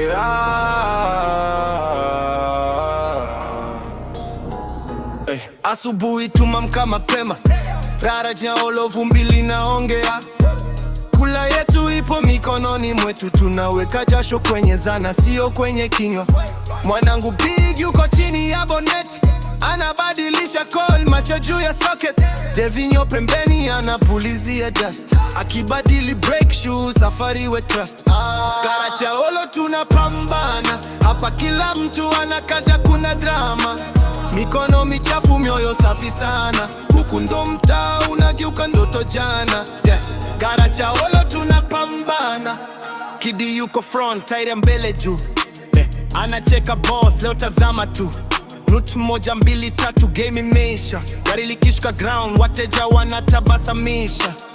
yeah. Hey. Asubuhi tumamka mapema, daraja olovumbi linaongea, kula yetu ipo mikononi mwetu, tunaweka jasho kwenye zana, sio kwenye kinywa. Mwanangu big yuko chini ya bonnet anabadilisha kodi juu ya socket, Devinyo pembeni anapulizia dust, akibadili break shoes, safari we trust. Ah. Karachaolo tunapambana hapa, kila mtu ana kazi, hakuna drama, mikono michafu, mioyo safi sana, huku ndo mtaa unagiuka ndoto jana, Karacha Karachaolo tunapambana, kidi yuko front, tairi mbele juu, eh, anacheka boss leo, tazama tu Nuti moja mbili tatu, game imeisha. Gari likishuka ground, wateja wanatabasamisha.